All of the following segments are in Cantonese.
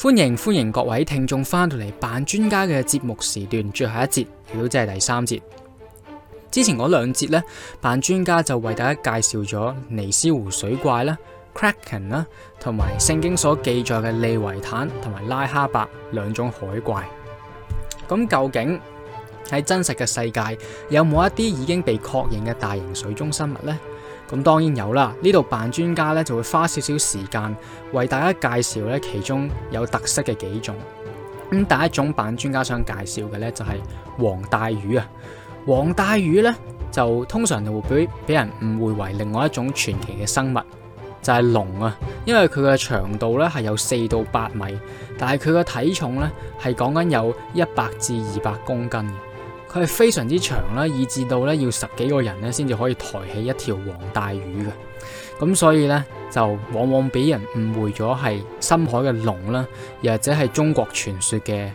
歡迎歡迎各位聽眾翻到嚟扮專家嘅節目時段最後一節，亦都即係第三節。之前嗰兩節咧，扮專家就為大家介紹咗尼斯湖水怪啦、Kraken 啦，同埋聖經所記載嘅利維坦同埋拉哈伯兩種海怪。咁究竟喺真實嘅世界有冇一啲已經被確認嘅大型水中生物呢？咁當然有啦，呢度扮專家咧就會花少少時間為大家介紹咧其中有特色嘅幾種。咁、嗯、第一種扮專家想介紹嘅咧就係皇帶魚啊。皇帶魚咧就通常就會俾俾人誤會為另外一種傳奇嘅生物，就係、是、龍啊，因為佢嘅長度咧係有四到八米，但係佢嘅體重咧係講緊有一百至二百公斤。佢係非常之長啦，以至到咧要十幾個人咧先至可以抬起一條皇帶魚嘅。咁所以咧就往往俾人誤會咗係深海嘅龍啦，又或者係中國傳說嘅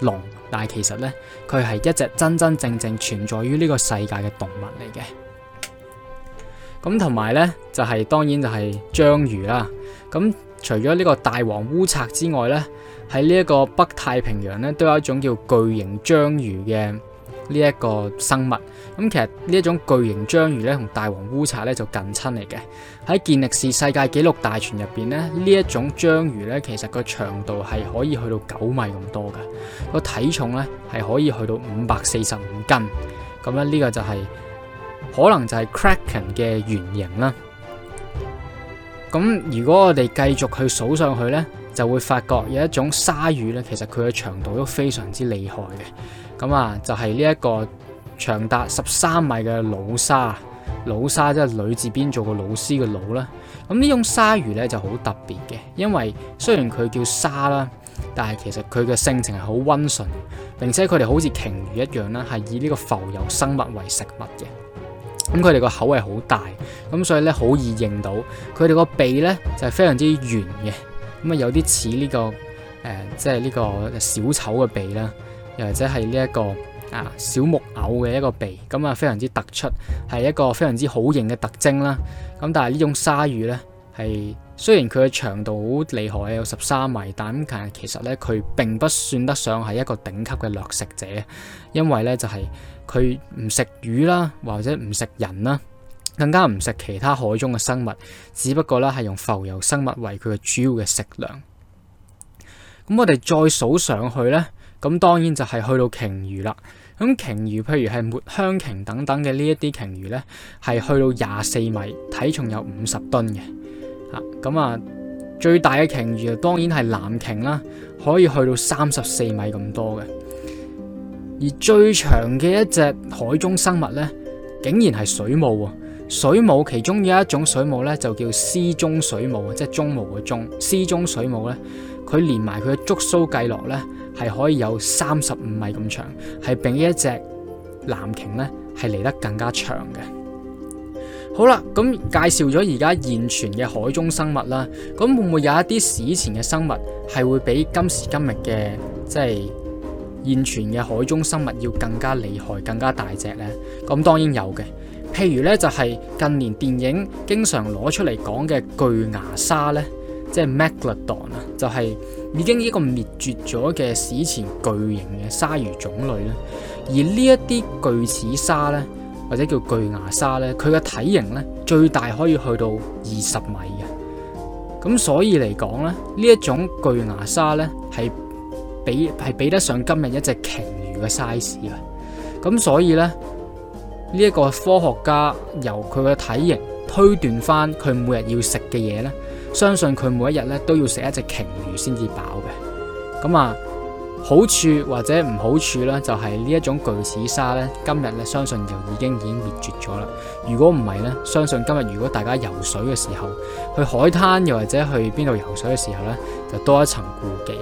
龍。但係其實咧佢係一隻真真正正存在於呢個世界嘅動物嚟嘅。咁同埋咧就係、是、當然就係章魚啦。咁除咗呢個大王烏賊之外咧，喺呢一個北太平洋咧都有一種叫巨型章魚嘅。呢一個生物咁。其實呢一種巨型章魚咧，同大王烏賊咧就近親嚟嘅。喺《健力士世界紀錄大全》入邊咧，呢一種章魚咧，其實個長度係可以去到九米咁多嘅，個體重咧係可以去到五百四十五斤。咁樣呢個就係、是、可能就係 Kraken 嘅原型啦。咁如果我哋繼續去數上去咧，就會發覺有一種鯊魚咧，其實佢嘅長度都非常之厲害嘅。咁、嗯、啊，就係呢一個長達十三米嘅姥鯊。姥鯊即係女字邊做個老師嘅老啦。咁、嗯、呢種鯊魚咧就好特別嘅，因為雖然佢叫鯊啦，但係其實佢嘅性情係好温順嘅。並且佢哋好似鯨魚一樣啦，係以呢個浮游生物為食物嘅。咁佢哋個口係好大，咁所以咧好易認到佢哋個鼻咧就係、是、非常之圓嘅。咁啊，有啲似呢個誒、呃，即係呢個小丑嘅鼻啦，又或者係呢一個啊小木偶嘅一個鼻，咁啊非常之突出，係一個非常之好型嘅特徵啦。咁但係呢種鯊魚咧，係雖然佢嘅長度好厲害，有十三米，但係其實咧佢並不算得上係一個頂級嘅掠食者，因為咧就係佢唔食魚啦，或者唔食人啦。更加唔食其他海中嘅生物，只不過咧係用浮游生物為佢嘅主要嘅食糧。咁我哋再數上去呢，咁當然就係去到鯨魚啦。咁鯨魚，譬如係抹香鯨等等嘅呢一啲鯨魚呢係去到廿四米，體重有五十噸嘅吓。咁啊，最大嘅鯨魚啊，當然係藍鯨啦，可以去到三十四米咁多嘅。而最長嘅一隻海中生物呢，竟然係水母。水母，其中有一種水母咧，就叫獅鬃水母，即係鬃毛嘅鬃。獅鬃水母咧，佢連埋佢嘅觸鬚計落咧，係可以有三十五米咁長，係比一隻藍鯨咧係嚟得更加長嘅。好啦，咁介紹咗而家現存嘅海中生物啦，咁會唔會有一啲史前嘅生物係會比今時今日嘅即係現存嘅海中生物要更加厲害、更加大隻咧？咁當然有嘅。譬如咧，就係近年電影經常攞出嚟講嘅巨牙鯊咧，即係 Megalodon 啊，就係已經一個滅絕咗嘅史前巨型嘅鯊魚種類咧。而呢一啲巨齒鯊咧，或者叫巨牙鯊咧，佢嘅體型咧，最大可以去到二十米嘅。咁所以嚟講咧，呢一種巨牙鯊咧，係比，係比得上今日一隻鯨魚嘅 size 嘅。咁所以咧。呢一個科學家由佢個體型推斷翻佢每日要食嘅嘢呢，相信佢每一日呢都要食一隻鯨魚先至飽嘅。咁啊，好處或者唔好處呢，就係呢一種巨齒鯊呢，今日呢相信就已經已經滅絕咗啦。如果唔係呢，相信今日如果大家游水嘅時候去海灘又或者去邊度游水嘅時候呢，就多一層顧忌。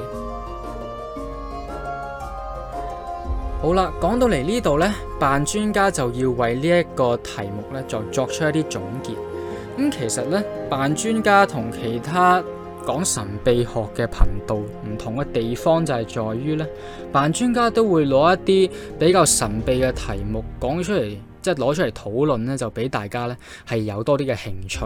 好啦，講到嚟呢度呢，扮專家就要為呢一個題目呢，再作出一啲總結。咁其實呢，扮專家同其他講神秘學嘅頻道唔同嘅地方就係在於呢，扮專家都會攞一啲比較神秘嘅題目講出嚟。即係攞出嚟討論咧，就俾大家咧係有多啲嘅興趣。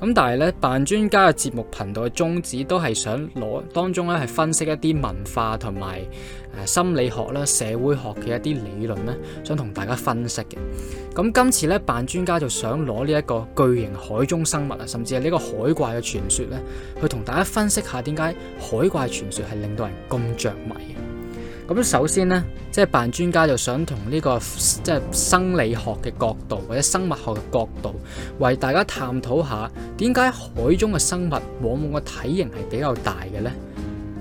咁但係咧，扮專家嘅節目頻道嘅宗旨都係想攞當中咧係分析一啲文化同埋誒心理學啦、社會學嘅一啲理論咧，想同大家分析嘅。咁今次咧，扮專家就想攞呢一個巨型海中生物啊，甚至係呢個海怪嘅傳說咧，去同大家分析下點解海怪傳說係令到人咁着迷嘅。咁首先咧，即係扮專家就想同呢個即係生理學嘅角度或者生物學嘅角度，為大家探討下點解海中嘅生物往往個體型係比較大嘅咧？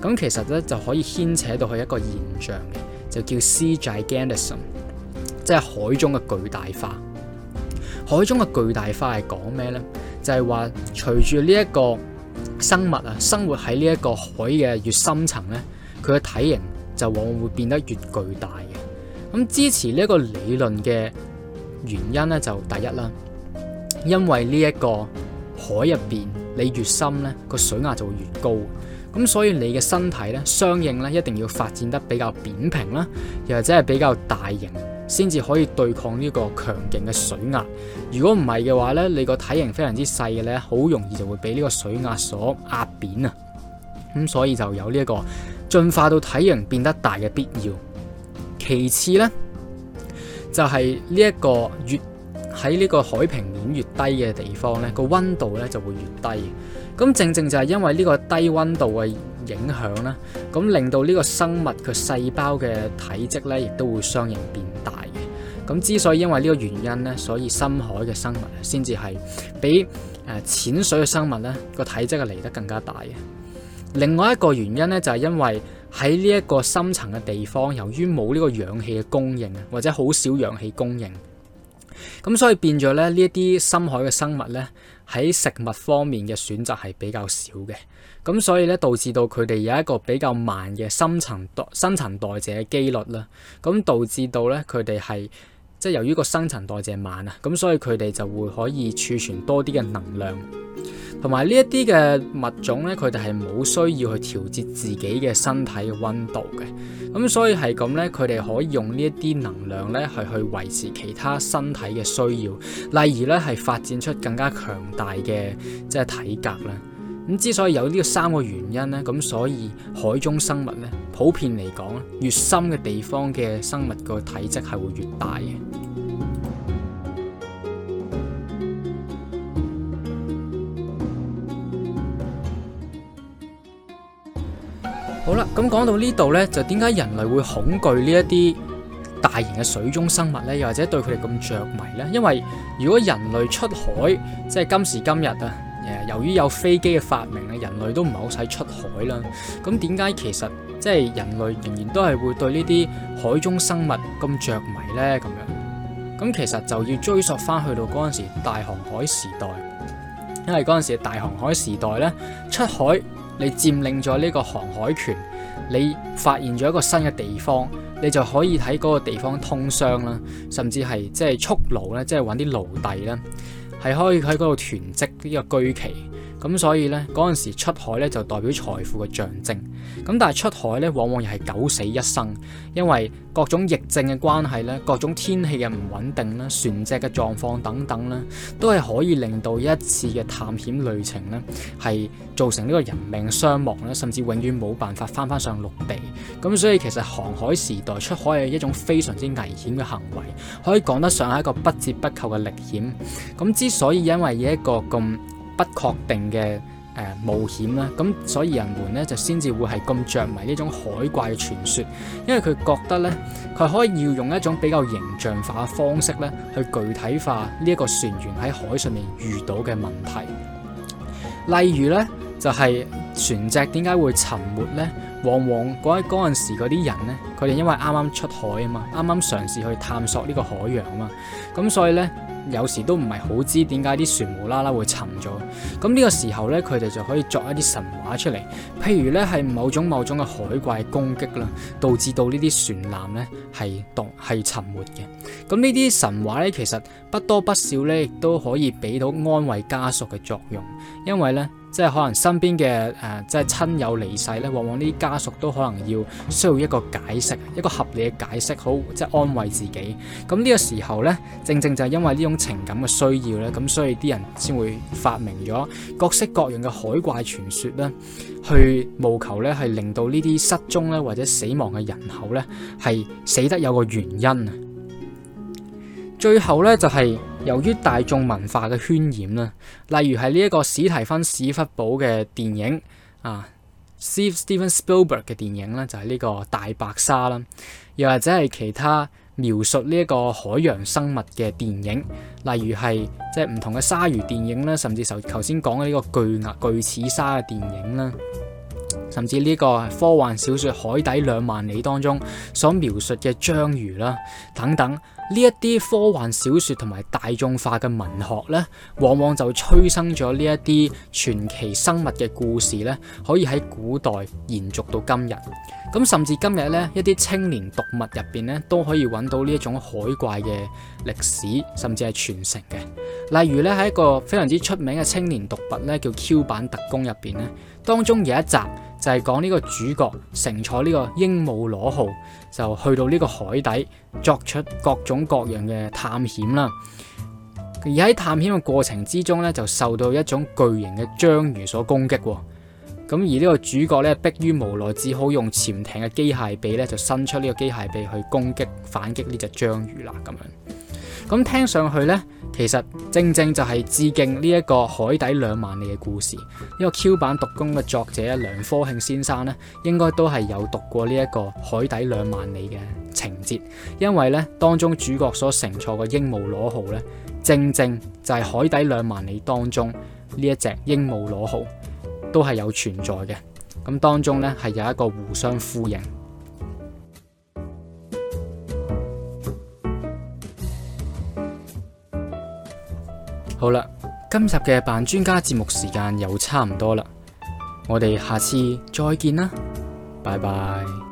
咁其實咧就可以牽扯到佢一個現象嘅，就叫 sea gigantism，即係海中嘅巨大化。海中嘅巨大化係講咩咧？就係話隨住呢一個生物啊，生活喺呢一個海嘅越深層咧，佢嘅體型。就往往會變得越巨大嘅。咁支持呢一個理論嘅原因咧，就第一啦，因為呢一個海入邊你越深咧，個水壓就會越高，咁所以你嘅身體咧，相應咧一定要發展得比較扁平啦，又或者係比較大型，先至可以對抗呢個強勁嘅水壓。如果唔係嘅話咧，你個體型非常之細嘅咧，好容易就會俾呢個水壓所壓扁啊。咁所以就有呢一個。進化到體型變得大嘅必要。其次呢，就係呢一個越喺呢個海平面越低嘅地方，呢個溫度呢就會越低。咁正正就係因為呢個低溫度嘅影響啦，咁令到呢個生物佢細胞嘅體積呢亦都會相應變大嘅。咁之所以因為呢個原因呢，所以深海嘅生物先至係比誒、呃、淺水嘅生物呢個體積啊嚟得更加大嘅。另外一個原因咧，就係因為喺呢一個深層嘅地方，由於冇呢個氧氣嘅供應啊，或者好少氧氣供應，咁所以變咗咧呢一啲深海嘅生物咧，喺食物方面嘅選擇係比較少嘅，咁所以咧導致到佢哋有一個比較慢嘅深層代新陳代謝嘅機率啦，咁導致到咧佢哋係。即係由於個新陳代謝慢啊，咁所以佢哋就會可以儲存多啲嘅能量，同埋呢一啲嘅物種咧，佢哋係冇需要去調節自己嘅身體溫度嘅，咁所以係咁咧，佢哋可以用呢一啲能量咧係去維持其他身體嘅需要，例如咧係發展出更加強大嘅即係體格啦。咁之所以有呢個三個原因呢，咁所以海中生物呢，普遍嚟講，越深嘅地方嘅生物個體積係會越大嘅。嗯、好啦，咁講到呢度呢，就點解人類會恐懼呢一啲大型嘅水中生物呢？又或者對佢哋咁着迷呢？因為如果人類出海，即係今時今日啊。由於有飛機嘅發明啊，人類都唔係好使出海啦。咁點解其實即係、就是、人類仍然都係會對呢啲海中生物咁着迷呢？咁樣，咁其實就要追溯翻去到嗰陣時大航海時代，因為嗰陣時大航海時代咧，出海你佔領咗呢個航海權，你發現咗一個新嘅地方，你就可以喺嗰個地方通商啦，甚至係即係速奴咧，即係揾啲奴隸啦。係可以喺嗰度囤積呢個居奇。咁所以咧，嗰陣時出海咧就代表財富嘅象徵。咁但係出海咧，往往又係九死一生，因為各種疫症嘅關係咧，各種天氣嘅唔穩定啦、船隻嘅狀況等等啦，都係可以令到一次嘅探險旅程咧，係造成呢個人命傷亡咧，甚至永遠冇辦法返返上陸地。咁所以其實航海時代出海係一種非常之危險嘅行為，可以講得上係一個不折不扣嘅歷險。咁之所以因為一個咁不確定嘅誒、呃、冒險啦，咁所以人們咧就先至會係咁着迷呢種海怪嘅傳說，因為佢覺得咧佢可以要用一種比較形象化嘅方式咧去具體化呢一個船員喺海上面遇到嘅問題。例如咧就係、是、船隻點解會沉沒咧？往往喺嗰陣時嗰啲人咧，佢哋因為啱啱出海啊嘛，啱啱嘗試去探索呢個海洋啊嘛，咁所以咧。有時都唔係好知點解啲船無啦啦會沉咗，咁呢個時候呢，佢哋就可以作一啲神話出嚟，譬如呢係某種某種嘅海怪攻擊啦，導致到呢啲船艦呢係獨係沉沒嘅。咁呢啲神話呢，其實不多不少呢都可以俾到安慰家屬嘅作用，因為呢。即係可能身邊嘅，誒，即係親友離世咧，往往呢啲家屬都可能要需要一個解釋，一個合理嘅解釋，好即係安慰自己。咁呢個時候咧，正正就係因為呢種情感嘅需要咧，咁所以啲人先會發明咗各式各樣嘅海怪傳說咧，去務求咧係令到呢啲失蹤咧或者死亡嘅人口咧係死得有個原因啊。最後咧，就係由於大眾文化嘅渲染啦，例如係呢一個史提芬史畢堡嘅電影啊，Steve Steven Spielberg 嘅電影咧，就係、是、呢個大白鯊啦，又或者係其他描述呢一個海洋生物嘅電影，例如係即係唔同嘅鯊魚電影啦，甚至頭先講嘅呢個巨鰭巨齒鯊嘅電影啦，甚至呢個科幻小説《海底兩萬里》當中所描述嘅章魚啦，等等。呢一啲科幻小説同埋大眾化嘅文學呢，往往就催生咗呢一啲傳奇生物嘅故事呢，可以喺古代延續到今日。咁甚至今日呢，一啲青年讀物入邊呢，都可以揾到呢一種海怪嘅歷史，甚至係傳承嘅。例如呢，喺一個非常之出名嘅青年讀物呢，叫《Q 版特工》入邊呢，當中有一集。就係講呢個主角乘坐呢個鸚鵡螺號，就去到呢個海底作出各種各樣嘅探險啦。而喺探險嘅過程之中咧，就受到一種巨型嘅章魚所攻擊。咁而呢個主角咧，迫於無奈，只好用潛艇嘅機械臂咧，就伸出呢個機械臂去攻擊反擊呢隻章魚啦，咁樣。咁聽上去呢，其實正正就係致敬呢一個海底兩萬里嘅故事。呢個 Q 版讀工嘅作者梁科慶先生呢，應該都係有讀過呢一個海底兩萬里嘅情節，因為呢，當中主角所乘坐嘅鸚鵡螺號呢，正正就係海底兩萬里當中呢一隻鸚鵡螺號都係有存在嘅。咁當中呢，係有一個互相呼應。好啦，今集嘅扮專家節目時間又差唔多啦，我哋下次再見啦，拜拜。